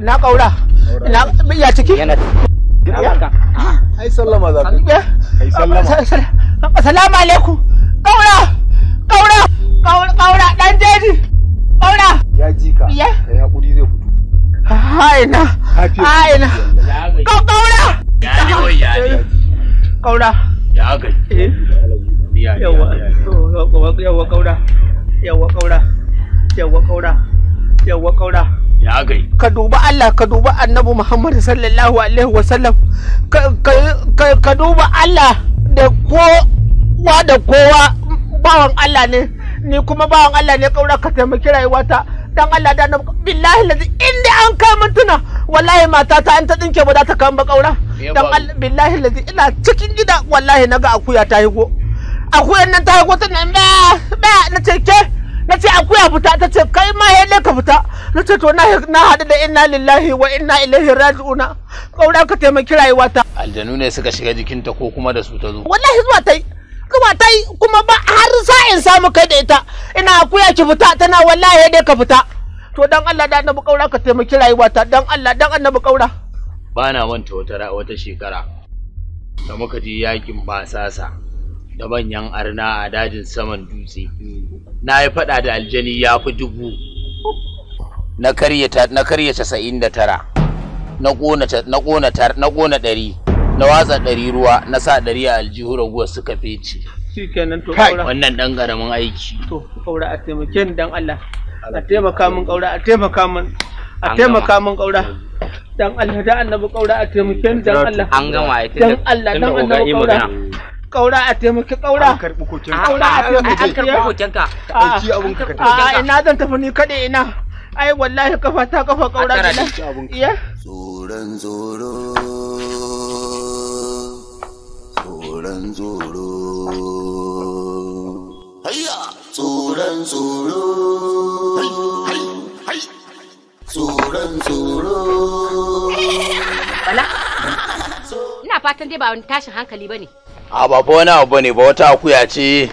na ƙaura? na ya ciki ai sallama za ka ai sallama assalamu alaikum kaura kaura kaura dan jeji ƙaura! ya ji ka ya hakuri zai fito haina haina ya gai yawa yawa yawa yawa yawa kaura ya gai ka duba Allah ka duba annabi Muhammad sallallahu alaihi sallam ka duba Allah da kowa da kowa bawan Allah ne ni kuma bawan Allah ne kaura ka taimaki rayuwata dan Allah da annabi billahi lazi inda an kai mintuna wallahi matata an ta dinke ba za ta kama kaura dan Allah billahi lazi ina cikin gida wallahi naga akuya ta higo akuyan nan ta higo tana ba ba na ce ke na ce akuya fita ta ce kai ma hele ka fita na ce to na haɗu da inna lillahi wa inna ilaihi raji'una ƙaura ka taimaki rayuwata aljanu ne suka shiga jikinta ko kuma da su ta zo wallahi zuwa ta yi zuwa ta yi kuma ba har sa'in samu kai da ita ina akuya ki fita tana wallahi dai ka fita to dan Allah da annabi ƙaura ka taimaki rayuwata dan Allah dan annabi ƙaura ba na manta wata wata shekara da muka je yakin basasa da manyan arna a dajin saman dutse na yi faɗa da aljani ya fi dubu na karya casa'in da tara na ƙona ɗari na watsa ɗari ruwa na sa ɗari a aljihu raguwa suka fece Shi kenan to kaura wannan dan karamin aiki to kaura a taimake ni dan Allah a taimaka min kaura a taimaka min a taimaka min kaura dan Allah da annabi kaura a taimake ni dan Allah an gama ai dan Allah dan annabi kaura kaura a taimaki kaura an karbi ah. ka kaura a taimaki an ah, karbi ka dauki abun ka ina zan tafi ni kade ina ai wallahi kafa ta kafa kaura ina iya tsoron tsoro tsoron tsoro hayya tsoron tsoro tsoron tsoro bala ina fatan dai ba wani tashin hankali bane a ba fa wani abu ne ba wata akuya ce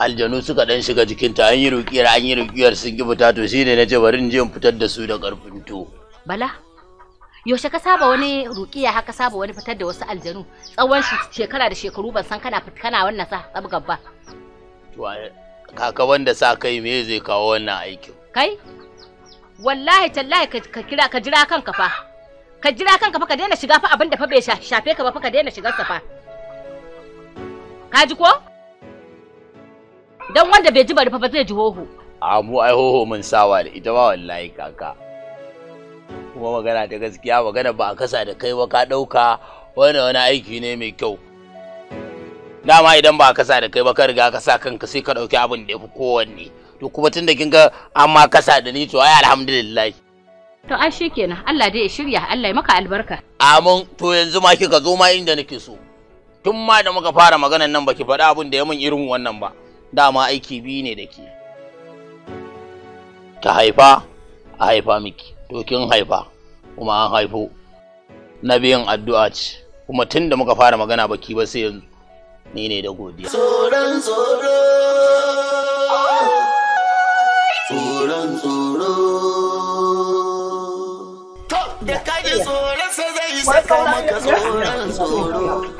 aljanu suka dan shiga jikinta an yi rukiyar an yi rukiyar sun ki fita to shine na ce bari in je in fitar da su da karfin to bala yaushe ka saba wani rukiya haka saba wani fitar da wasu aljanu tsawon shekara da shekaru ban san kana kana wannan sa tsabgar ba to kaka wanda sa kai me zai kawo wannan aikin kai wallahi tallahi ka kira ka jira kanka fa ka jira kanka fa ka daina shiga fa abin da fa bai shafe ka ba fa ka daina shigar sa fa Ka ji ko? Dan wanda bai ji bari fa ba zai ji hoho. A mu ai hoho mun sawa da ita ba wallahi kaka. Kuma magana ta gaskiya magana ba a kasa da kai ba ka ɗauka wani wani aiki ne mai kyau. Dama idan ba a kasa da kai ba ka riga ka sa kanka sai ka ɗauki abin da ya fi kowanne. To kuma tun da kin ga an ma kasa da ni to ai alhamdulillah. To ai kenan Allah dai ya shirya Allah ya maka albarka. Amin to yanzu ma kika zo ma inda nake so. tun ma da muka fara maganan nan baki faɗa abin da ya mun irin wannan ba dama aiki biyu ne da ke ta haifa a haifa miki to kin haifa kuma an haifo na biyan addu'a ce kuma tun da muka fara magana baki ba sai yanzu ni ne da godiya tsoron tsoro tsoron tsoro to da kaje tsoron sai zai saka maka tsoron tsoro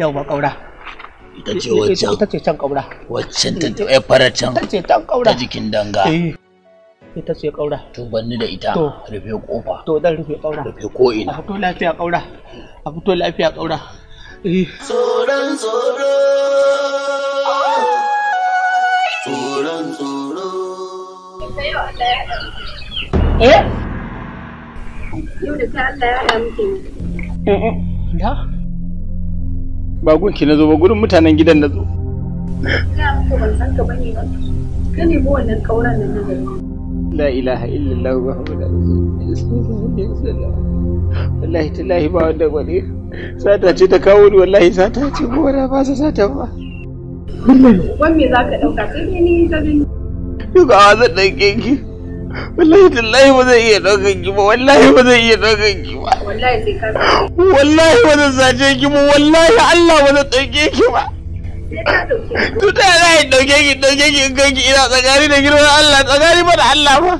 yawwa ƙaura ita ce eh, eh, waccan ita ce can ƙaura waccan ta ta eh, farar can ita ce can ƙaura ta jikin danga ita ce ƙaura to banni da ita rufe kofa to dan rufe ƙaura rufe ko ina a fito lafiya ƙaura a fito lafiya ƙaura tsoron tsoro tsoron tsoro eh yau da ta Allah ya haɗa muke ya ba gunki na zo ba gurin mutanen gidan na zo ya muku ban san ka bane ba ka nemi wannan kauran nan na gari la ilaha illallah wa wallahi tallahi ba wanda bane sata ce ta kawo ni wallahi sata ce ko wala ba sa sata ba wallahi wan me zaka ɗauka? sai ni ta gani duk a zan dan kinki wallahi tallahi ba zai iya ɗaukan ki ba wallahi ba zai iya ɗaukan ki ba wallahi sai ka wallahi ba zan sace ki ba wallahi Allah ba zan ɗauke ki ba Tuta za a ɗauke ki ɗauke ki in kai ki ina tsakani da girman Allah tsakani ba da Allah ba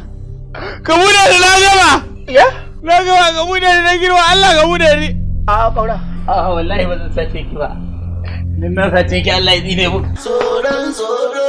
ka bude ni na gama ya na gama ka bude ni na girman Allah ka bude ni a kaura a wallahi ba zan sace ki ba Nan na sace ki Allah ya tsine mu. Tsoron tsoro.